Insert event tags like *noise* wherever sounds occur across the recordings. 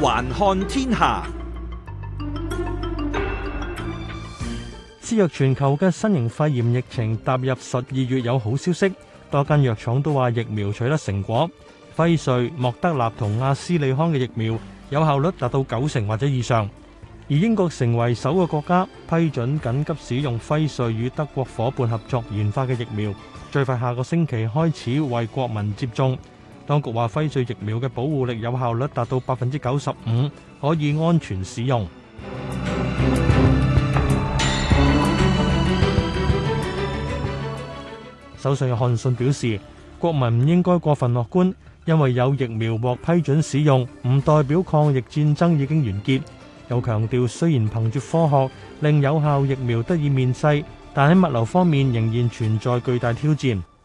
環看天下，肆虐全球嘅新型肺炎疫情踏入十二月有好消息，多間藥廠都話疫苗取得成果。輝瑞、莫德納同阿斯利康嘅疫苗有效率達到九成或者以上，而英國成為首個國家批准緊急使用輝瑞與德國夥伴合作研發嘅疫苗，最快下個星期開始為國民接種。當局話輝瑞疫苗嘅保護力有效率達到百分之九十五，可以安全使用。首相約翰遜表示，國民唔應該過分樂觀，因為有疫苗獲批准使用，唔代表抗疫戰爭已經完結。又強調雖然憑住科學，令有效疫苗得以面世，但喺物流方面仍然存在巨大挑戰。 *noise*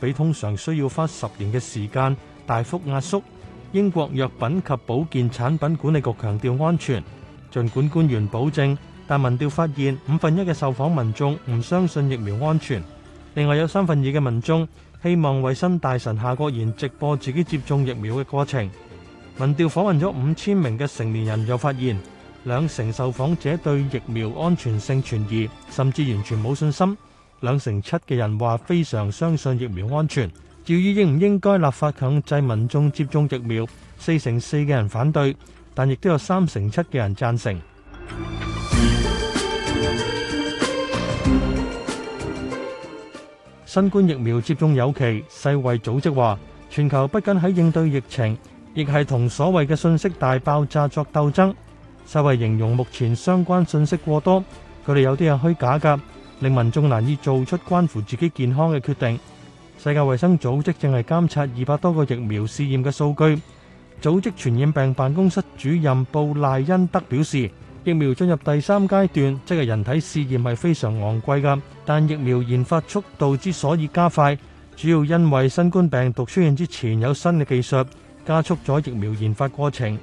比通常需要花十年嘅時間大幅壓縮。英國藥品及保健產品管理局強調安全，儘管官員保證，但民調發現五分一嘅受訪民眾唔相信疫苗安全。另外有三分二嘅民眾希望衛生大臣夏國賢直播自己接種疫苗嘅過程。民調訪問咗五千名嘅成年人，又發現兩成受訪者對疫苗安全性存疑，甚至完全冇信心。兩成七嘅人話非常相信疫苗安全。至於應唔應該立法強制民眾接種疫苗，四成四嘅人反對，但亦都有三成七嘅人贊成。新冠疫苗接種有期，世衛組織話全球不僅喺應對疫情，亦係同所謂嘅信息大爆炸作鬥爭。世衛形容目前相關信息過多，佢哋有啲係虛假㗎。令民眾難以做出關乎自己健康嘅決定。世界衛生組織正係監察二百多個疫苗試驗嘅數據。組織傳染病辦公室主任布賴恩德表示，疫苗進入第三階段，即係人體試驗，係非常昂貴㗎。但疫苗研發速度之所以加快，主要因為新冠病毒出現之前有新嘅技術，加速咗疫苗研發過程，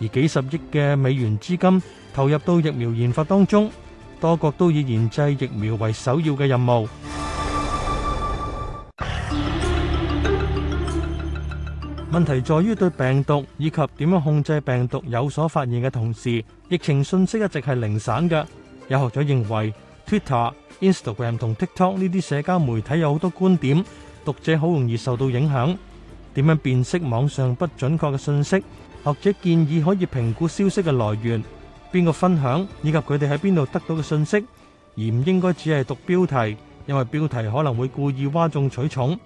而幾十億嘅美元資金投入到疫苗研發當中。多國都以研製疫苗為首要嘅任務。問題在於對病毒以及點樣控制病毒有所發現嘅同時，疫情信息一直係零散嘅。有學者認為，Twitter、Instagram 同 TikTok 呢啲社交媒體有好多觀點，讀者好容易受到影響。點樣辨識網上不準確嘅信息？學者建議可以評估消息嘅來源。邊個分享以及佢哋喺邊度得到嘅信息，而唔應該只係讀標題，因為標題可能會故意譁眾取寵。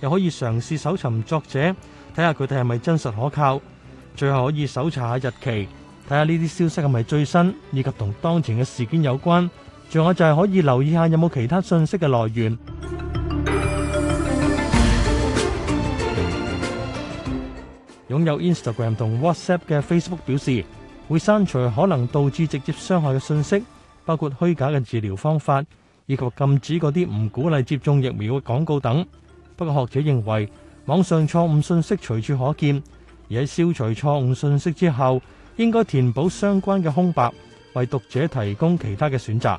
又可以嘗試搜尋作者，睇下佢哋係咪真實可靠。最後可以搜查下日期，睇下呢啲消息係咪最新，以及同當前嘅事件有關。仲有就係可以留意下有冇其他信息嘅來源。擁有 Instagram 同 WhatsApp 嘅 Facebook 表示，會刪除可能導致直接傷害嘅信息，包括虛假嘅治療方法，以及禁止嗰啲唔鼓勵接種疫苗嘅廣告等。不過學者認為，網上錯誤信息隨處可見，而喺消除錯誤信息之後，應該填補相關嘅空白，為讀者提供其他嘅選擇。